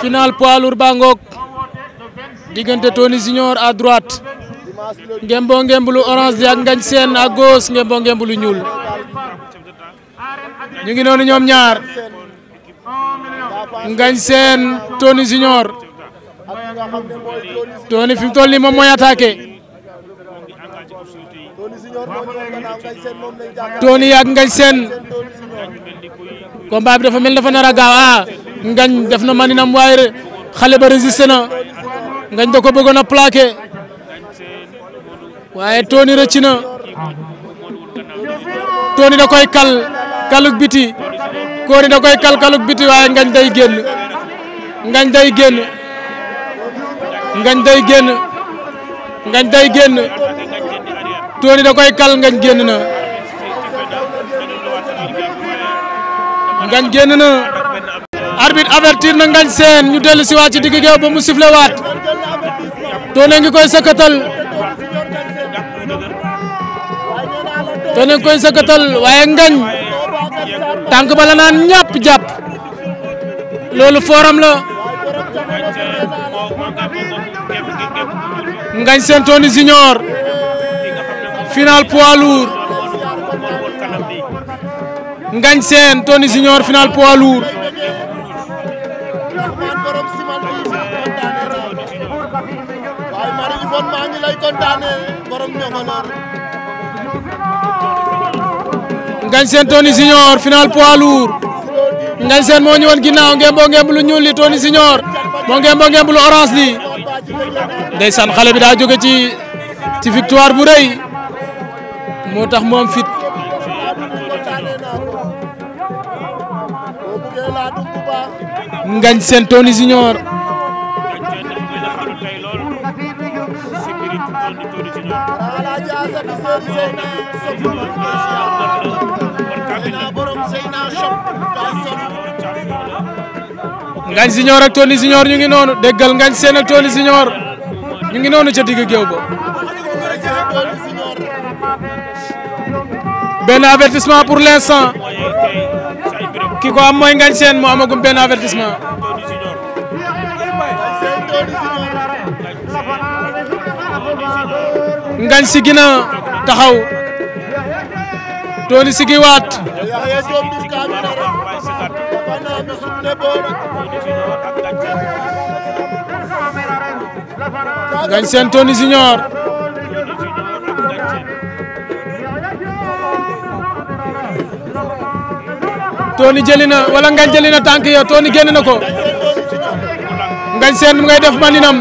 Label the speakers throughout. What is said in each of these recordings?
Speaker 1: final poids bangok diggante Tony Junior à droite ngembo ngembulu orange di ak ngañ seen à gauche ngembo ngembulu ñuul ñu ngi ñoom ñaar ngañ seen Tony Junior Tony fi mu toll nii moom mooy attaqué Tony ak ngañ seen combat bi dafa mel dafa nar a gaaw ah ngañ na maninam waaye xale ba résisté na ngañ da ko bëggoon a waaye Tony rëcc na da koy kal kaluk biti Tony da koy kal kaluk biti waaye ngañ day génn ngañ day génn ngañ day génn ngañ da koy kal ngañ génn na ngañ génn arbitre avertir na Ngagne Sène ñu dellu si waat ci digg géew ba mu sifflé waat Tonnerre ngi koy sëkkatal Tonnerre ngi koy sëkkatal waaye Ngagne tànk ba la naan ñàpp jàpp loolu fooram la Ngagne Sène Tonnerre junior final poids lourd Ngagne Sène junior final poids kon maa ngi lay kontaane borom ñoxolor Ngagne Sène Tony Junior final poids lourd Ngagne Sène moo ñëwoon ginnaaw ngembo ngemb lu ñuul li Tony Junior moo ngembo ngemb lu orange li ndeysaan xale bi daa jóge ci ci victoire bu moo tax moom fit Ngagne Sène Tony Junior ngañ siñoor ak Tony siñoor ñu ngi noonu déggal ngañ seen ak Tony siñoor ñu ngi noonu ca digg géew ba benn avertissement pour l'instant ki ko am mooy ngañ seen mu amagum benn avertissement ngañ si gina taxaw Tony sigi waat ngañ seen Tony Junior Tony jëli na wala ngañ jëli na tànk ya Tony génn na ko ngañ ngay def maninam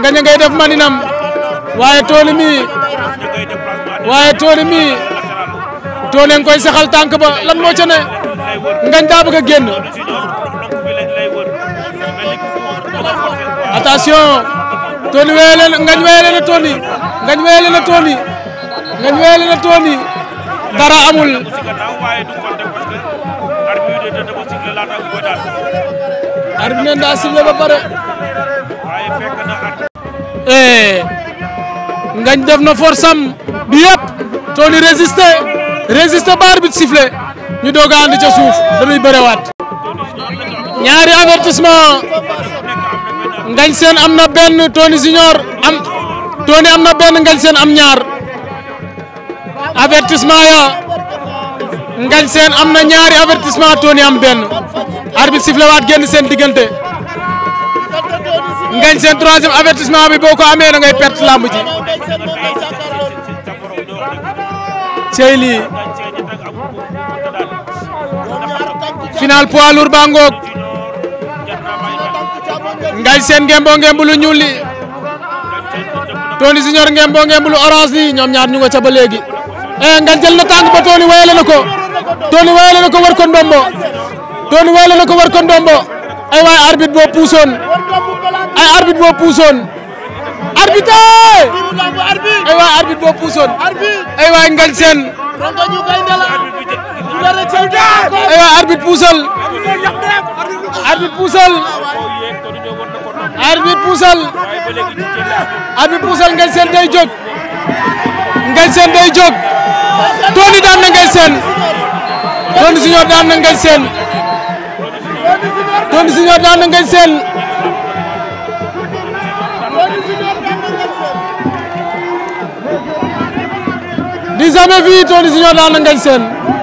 Speaker 1: ngañ ngay def maninam waaye Tony mii waaye Tony mii Tony nga koy saxal tànk ba lan moo ca ne ngañ daa bëgg a génn attention Tony weele na ngañ ngañ weele na Tony ngañ weele na Tony ne ndaa sifflé ba pare ngañ def na force am bi yëpp Tony résisté résisté ba arbitre sifflé ñu doog a andi ca suuf dañuy bërewaat. ñaari avertissement ngañ seen am na benn Tony siñor am am na benn ngañ seen am ñaar avertissement ya ngañ seen am na ñaari avertissement Tony am benn arbitre sifflé waat génn seen diggante. ngañ seen troisième avertissement bi boo ko amee da ngay perte làmb ji. cey lii final poids lourd ba ngoog ngañ seen ngembo ngemb lu ñuul li Tony Junior ngembo ngemb lu orange li ñoom ñaar ñu nga ca ba léegi. e eh, ngañ jël na tànk ba Tony wayale na ko Tony wayale na ko war ko ndombo Tony wayale na ko war ko ndombo ay waay arbitre boo puusoon ay arbitre moo puusoon arbitre ay waay arbitre moo puusoon ay waay ngañ seen ay waay arbitre puusal arbitre puusal arbitre puusal arbitre seen day jóg ngañ seen day jóg Tony daan na ngañ seen Tony Junior daan na na ngañ seen na fii Tony Junior daan na Ngagne Sène